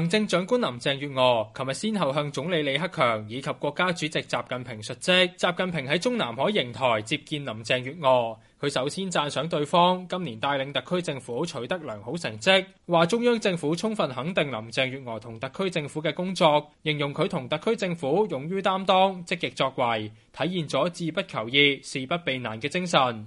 行政長官林鄭月娥琴日先後向總理李克強以及國家主席習近平述職。習近平喺中南海瀛台接見林鄭月娥，佢首先讚賞對方今年帶領特區政府取得良好成績，話中央政府充分肯定林鄭月娥同特區政府嘅工作，形容佢同特區政府勇於擔當、積極作為，體現咗志不求易、事不避難嘅精神。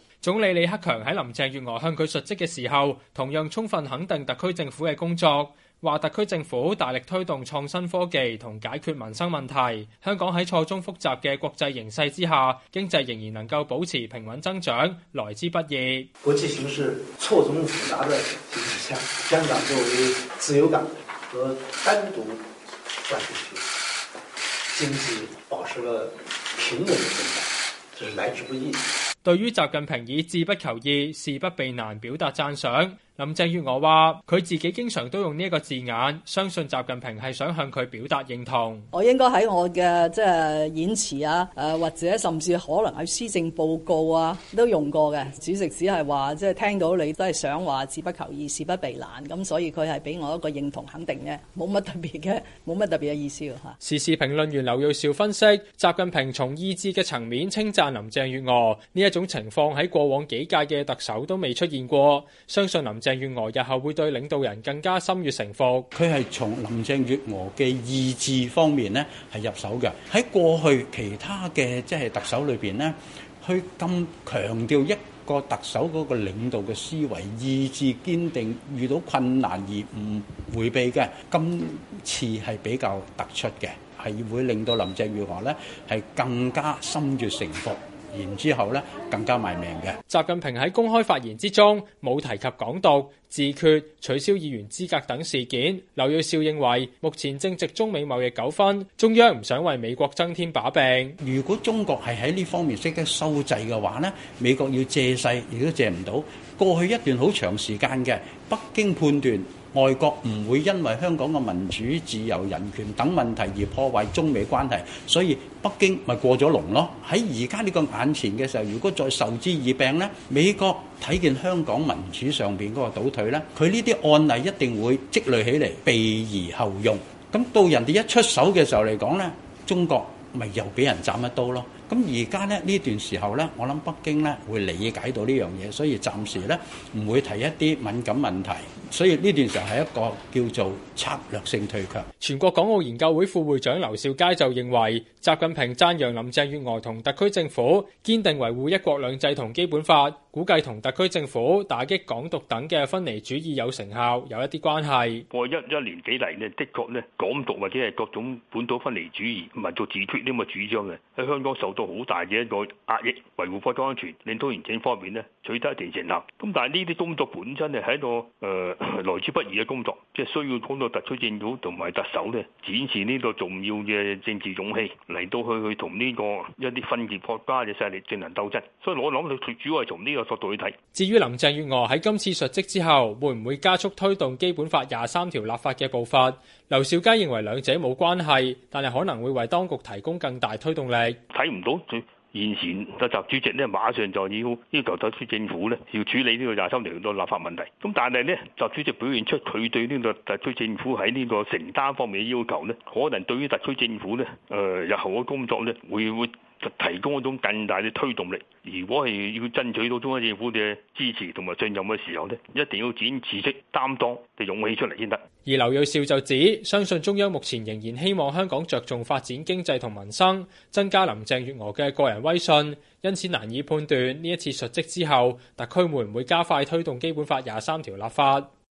總理李克強喺林鄭月娥向佢述職嘅時候，同樣充分肯定特區政府嘅工作，話特區政府大力推動創新科技同解決民生問題。香港喺錯綜複雜嘅國際形勢之下，經濟仍然能夠保持平穩增長，來之不易。國際形勢錯綜複雜的形勢下，香港作為自由港和單獨關稅區，經濟保持了平穩的增長，這、就是來之不易。對於習近平以志不求易、事不避難表達贊賞。林鄭月娥話：佢自己經常都用呢一個字眼，相信習近平係想向佢表達認同。我應該喺我嘅即係演辭啊，誒或者甚至可能喺施政報告啊都用過嘅。主席只係話即係聽到你都係想話志不求易、事不避難，咁所以佢係俾我一個認同肯定嘅，冇乜特別嘅，冇乜特別嘅意思吓。時事評論員劉耀兆分析：習近平從意志嘅層面稱讚林鄭月娥呢一種情況喺過往幾屆嘅特首都未出現過，相信林鄭。林鄭月娥日後會對領導人更加心悅誠服。佢係從林鄭月娥嘅意志方面咧係入手嘅。喺過去其他嘅即係特首裏邊咧，去咁強調一個特首嗰個領導嘅思維、意志堅定，遇到困難而唔迴避嘅，今次係比較突出嘅，係會令到林鄭月娥咧係更加心悅誠服。然之後咧。更加埋命嘅。習近平喺公開發言之中冇提及港獨、自決、取消議員資格等事件。劉銳紹認為，目前正值中美貿易糾紛，中央唔想為美國增添把柄。如果中國係喺呢方面識得收制嘅話咧，美國要借勢亦都借唔到。過去一段好長時間嘅，北京判斷外國唔會因為香港嘅民主、自由、人權等問題而破壞中美關係，所以北京咪過咗龍咯。喺而家呢個眼前嘅時候，如果再再受之以病呢，美國睇見香港民主上邊嗰個倒退呢，佢呢啲案例一定會積累起嚟，備而後用。咁到人哋一出手嘅時候嚟講呢，中國咪又俾人斬一刀咯。咁而家呢呢段時候呢，我諗北京呢會理解到呢樣嘢，所以暫時呢唔會提一啲敏感問題。所以呢段時候係一個叫做策略性退卻。全國港澳研究會副會長劉兆佳就認為習近平讚揚林鄭月娥同特區政府堅定維護一國兩制同基本法，估計同特區政府打擊港獨等嘅分離主義有成效，有一啲關係。不過一一年幾嚟呢的確呢港獨或者係各種本土分離主義民族自決呢個主張嘅，喺香港受到好大嘅一個壓抑，維護國家安全、領土完整方面呢取得一定成效。咁但係呢啲工作本身咧係一個誒。呃來之不易嘅工作，即係需要通過特區政府同埋特首咧展示呢個重要嘅政治勇氣嚟，到去去同呢個一啲分裂國家嘅勢力進行鬥爭，所以我諗佢主要係從呢個角度去睇。至於林鄭月娥喺今次述職之後會唔會加速推動基本法廿三條立法嘅步伐？劉少佳認為兩者冇關係，但係可能會為當局提供更大推動力。睇唔到。現前嘅習主席咧，馬上就要要求特區政府咧，要處理呢個廿三條立法問題。咁但係咧，習主席表現出佢對呢個特區政府喺呢個承擔方面嘅要求咧，可能對於特區政府咧，誒日後嘅工作咧，會會。就提供一種更大嘅推動力。如果係要爭取到中央政府嘅支持同埋信任嘅時候呢，一定要展示識擔當嘅勇氣出嚟先得。而劉銳紹就指，相信中央目前仍然希望香港着重發展經濟同民生，增加林鄭月娥嘅個人威信，因此難以判斷呢一次述職之後特區會唔會加快推動基本法廿三條立法。